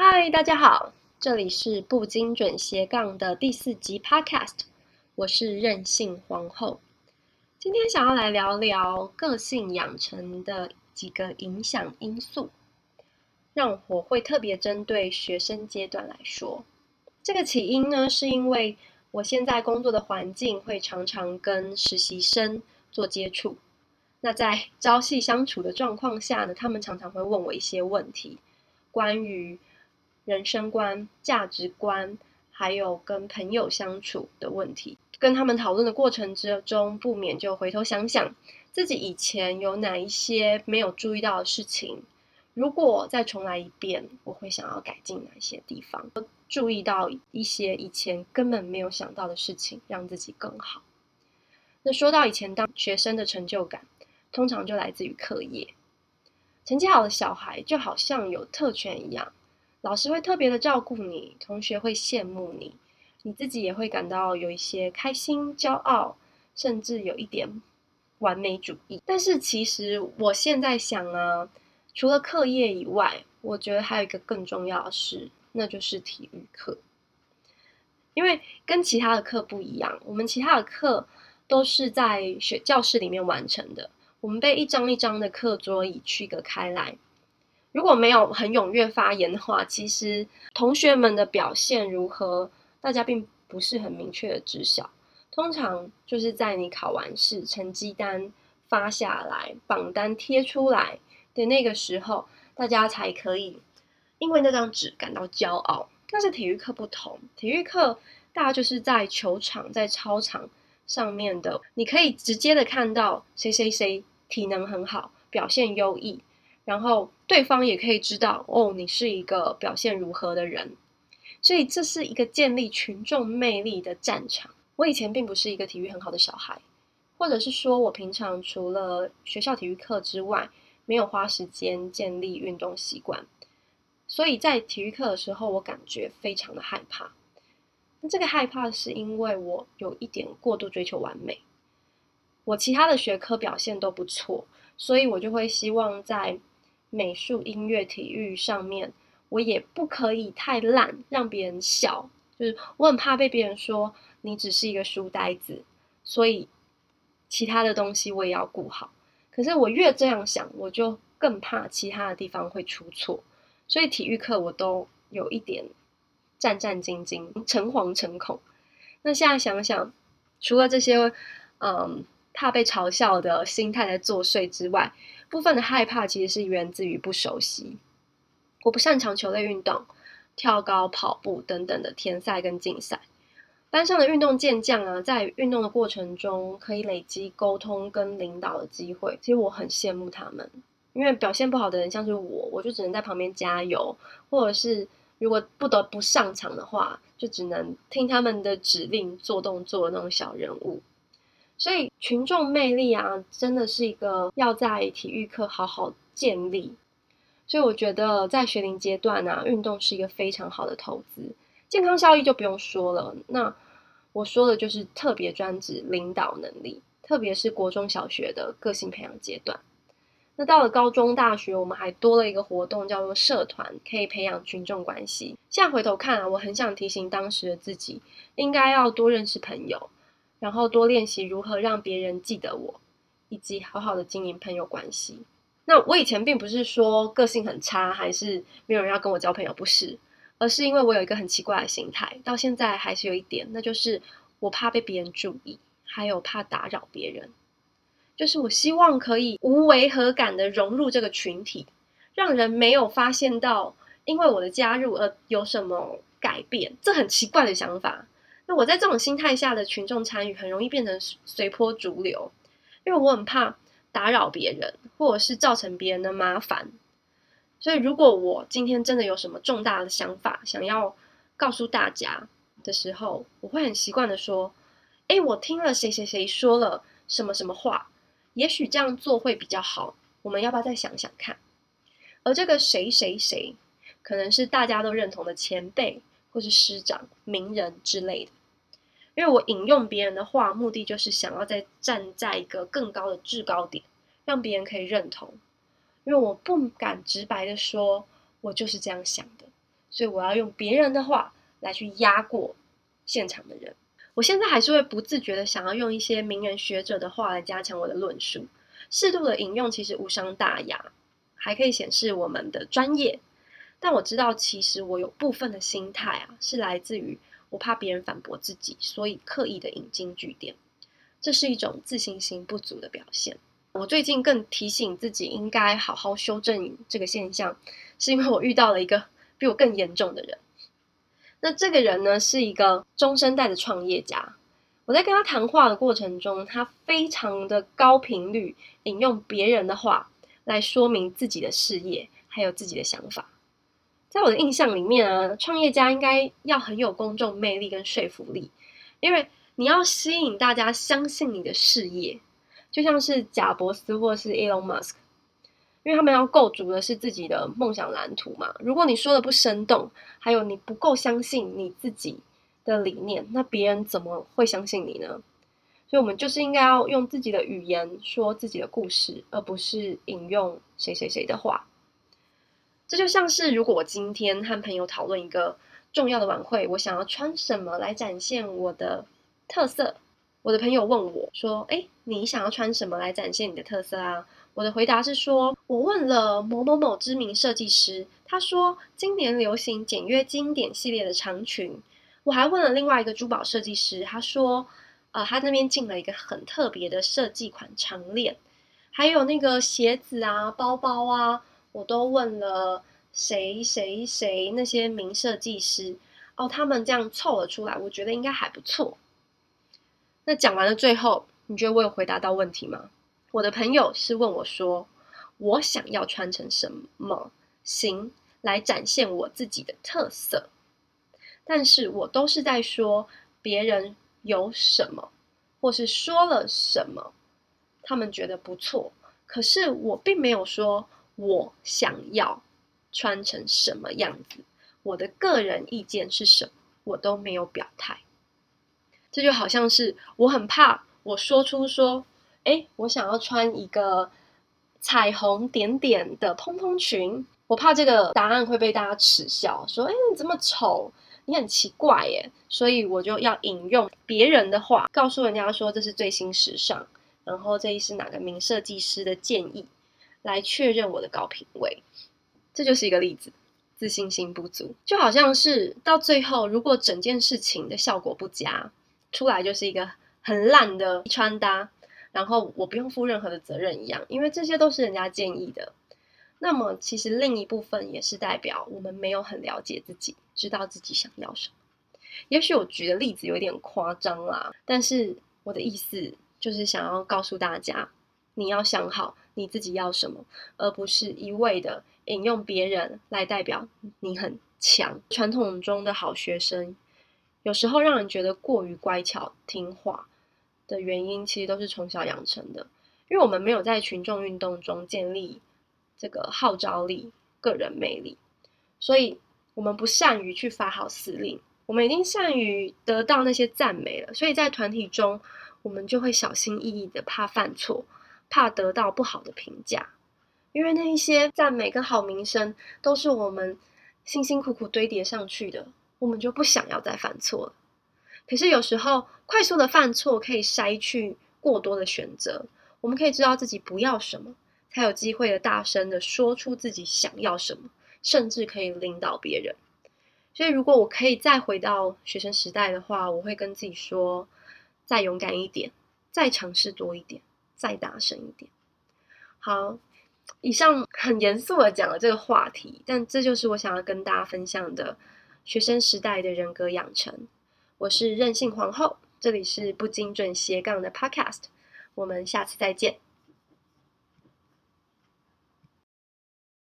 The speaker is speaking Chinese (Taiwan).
嗨，Hi, 大家好，這裡是不精準斜槓的第四集 Podcast，我是任性皇後。今天想要來聊聊個性養成的幾個影響因素，讓我會特別針對學生階段來說。這個起因呢，是因為我現在工作的環境會常常跟實習生做接觸，那在朝夕相處的狀況下呢，他們常常會問我一些問題，關於，人生觀、價值觀，還有跟朋友相處的問題，跟他們討論的過程之中，不免就回頭想想自己以前有哪一些沒有注意到的事情。如果再重來一遍，我會想要改進哪些地方？注意到一些以前根本沒有想到的事情，讓自己更好。那說到以前當學生的成就感，通常就來自於課業，成績好的小孩就好像有特權一樣。老師會特別的照顧你，同學會羨慕你，你自己也會感到有一些開心、驕傲，甚至有一點完美主義。但是其實我現在想啊，除了課業以外，我覺得還有一個更重要的事，那就是體育課，因為跟其他的課不一樣，我們其他的課都是在學教室裡面完成的，我們被一張一張的課桌椅區隔開來。如果沒有很踴躍發言的話，其實同學們的表現如何，大家並不是很明確的知曉。通常就是在你考完試，成績單發下來，榜單貼出來的那個時候，大家才可以因為那張紙感到驕傲。但是體育課不同，體育課大家就是在球場、在操場上面的，你可以直接的看到誰誰誰體能很好，表現優異。然後對方也可以知道哦，你是一個表現如何的人，所以這是一個建立群眾魅力的戰場。我以前並不是一個體育很好的小孩，或者是說我平常除了學校體育課之外，沒有花時間建立運動習慣，所以在體育課的時候，我感覺非常的害怕。那這個害怕是因為我有一點過度追求完美，我其他的學科表現都不錯，所以我就會希望在，美術、音樂、體育上面，我也不可以太爛，讓別人笑。就是我很怕被別人說你只是一個書呆子，所以其他的東西我也要顧好。可是我越這樣想，我就更怕其他的地方會出錯，所以體育課我都有一點戰戰兢兢、誠惶誠恐。那現在想想，除了這些，嗯，怕被嘲笑的心態在作祟之外。部分的害怕其實是源自於不熟悉，我不擅長球類運動、跳高、跑步等等的田賽跟競賽。班上的運動健將啊，在運動的過程中可以累積溝通跟領導的機會，其實我很羨慕他們。因為表現不好的人像是我，我就只能在旁邊加油，或者是如果不得不上場的話，就只能聽他們的指令做動作的那種小人物。所以群眾魅力啊，真的是一個要在體育課好好建立。所以我覺得在學齡階段啊，運動是一個非常好的投資，健康效益就不用說了。那我說的就是特別專指領導能力，特別是國中小學的個性培養階段。那到了高中大學，我們還多了一個活動，叫做社團，可以培養群眾關係。現在回頭看啊，我很想提醒當時的自己，應該要多認識朋友。然後多練習如何讓別人記得我，以及好好的經營朋友關係。那我以前並不是說個性很差，還是沒有人要跟我交朋友，不是，而是因為我有一個很奇怪的心態，到現在還是有一點，那就是我怕被別人注意，還有怕打擾別人。就是我希望可以無違和感地融入這個群體，讓人沒有發現到因為我的加入而有什麼改變，這很奇怪的想法。那我在這種心態下的群眾參與很容易變成隨波逐流，因為我很怕打擾別人，或者是造成別人的麻煩。所以，如果我今天真的有什麼重大的想法想要告訴大家的時候，我會很習慣的說：“欸，我聽了誰誰誰說了什麼什麼話，也許這樣做會比較好，我們要不要再想想看？”而這個誰誰誰，可能是大家都認同的前輩，或是師長、名人之類的。因為我引用別人的話，目的就是想要再站在一個更高的制高點，讓別人可以認同。因為我不敢直白的說，我就是這樣想的，所以我要用別人的話來去壓過現場的人。我現在還是會不自覺的想要用一些名人學者的話來加強我的論述。適度的引用其實無傷大雅，還可以顯示我們的專業。但我知道，其實我有部分的心態啊，是來自於。我怕別人反駁自己，所以刻意的引經據典，這是一種自信心不足的表現。我最近更提醒自己應該好好修正這個現象，是因為我遇到了一個比我更嚴重的人。那這個人呢，是一個中生代的創業家。我在跟他談話的過程中，他非常的高頻率引用別人的話來說明自己的事業，還有自己的想法。在我的印象裡面啊，創業家應該要很有公眾魅力跟說服力，因為你要吸引大家相信你的事業，就像是賈伯斯或者是 Elon Musk，因為他們要構築的是自己的夢想藍圖嘛。如果你說的不生動，還有你不夠相信你自己的理念，那別人怎麼會相信你呢？所以，我們就是應該要用自己的語言說自己的故事，而不是引用誰誰誰的話。這就像是，如果我今天和朋友討論一個重要的晚會，我想要穿什麼來展現我的特色，我的朋友問我說：“誒，你想要穿什麼來展現你的特色啊？”我的回答是說，我問了某某某知名設計師，他說今年流行簡約經典系列的長裙。我還問了另外一個珠寶設計師，他說：“呃，他那邊進了一個很特別的設計款長鏈，還有那個鞋子啊，包包啊。”我都問了誰誰誰那些名設計師哦，他們這樣湊了出來，我覺得應該還不錯。那講完了最後，你覺得我有回答到問題嗎？我的朋友是問我說：“我想要穿成什麼型來展現我自己的特色？”但是我都是在說別人有什麼，或是說了什麼，他們覺得不錯，可是我並沒有說。我想要穿成什麼樣子？我的個人意見是什麼？我都沒有表態。這就好像是我很怕我說出說，哎，我想要穿一個彩虹點點的蓬蓬裙，我怕這個答案會被大家恥笑，說，哎，你這麼醜，你很奇怪，哎，所以我就要引用別人的話，告訴人家說這是最新時尚，然後這裡是哪個名設計師的建議。來確認我的高品味，這就是一個例子。自信心不足，就好像是到最後，如果整件事情的效果不佳，出來就是一個很爛的穿搭，然後我不用負任何的責任一樣，因為這些都是人家建議的。那麼，其實另一部分也是代表我們沒有很了解自己，知道自己想要什麼。也許我舉的例子有點誇張啦，但是我的意思就是想要告訴大家，你要想好。你自己要什麼，而不是一味的引用別人來代表你很強。傳統中的好學生，有時候讓人覺得過於乖巧聽話的原因，其實都是從小養成的，因為我們沒有在群眾運動中建立這個號召力、個人魅力，所以我們不善於去發號施令，我們已經善於得到那些讚美了，所以在團體中，我們就會小心翼翼的，怕犯錯。怕得到不好的評價，因為那一些讚美跟好名聲都是我們辛辛苦苦堆疊上去的，我們就不想要再犯錯了。可是有時候快速的犯錯可以篩去過多的選擇，我們可以知道自己不要什麼，才有機會的大聲的說出自己想要什麼，甚至可以領導別人。所以如果我可以再回到學生時代的話，我會跟自己說，再勇敢一點，再嘗試多一點。再大聲一點。好，以上很嚴肅的講了這個話題，但這就是我想要跟大家分享的學生時代的人格養成。我是任性皇後，這裡是不精準斜槓的 Podcast。我們下次再見。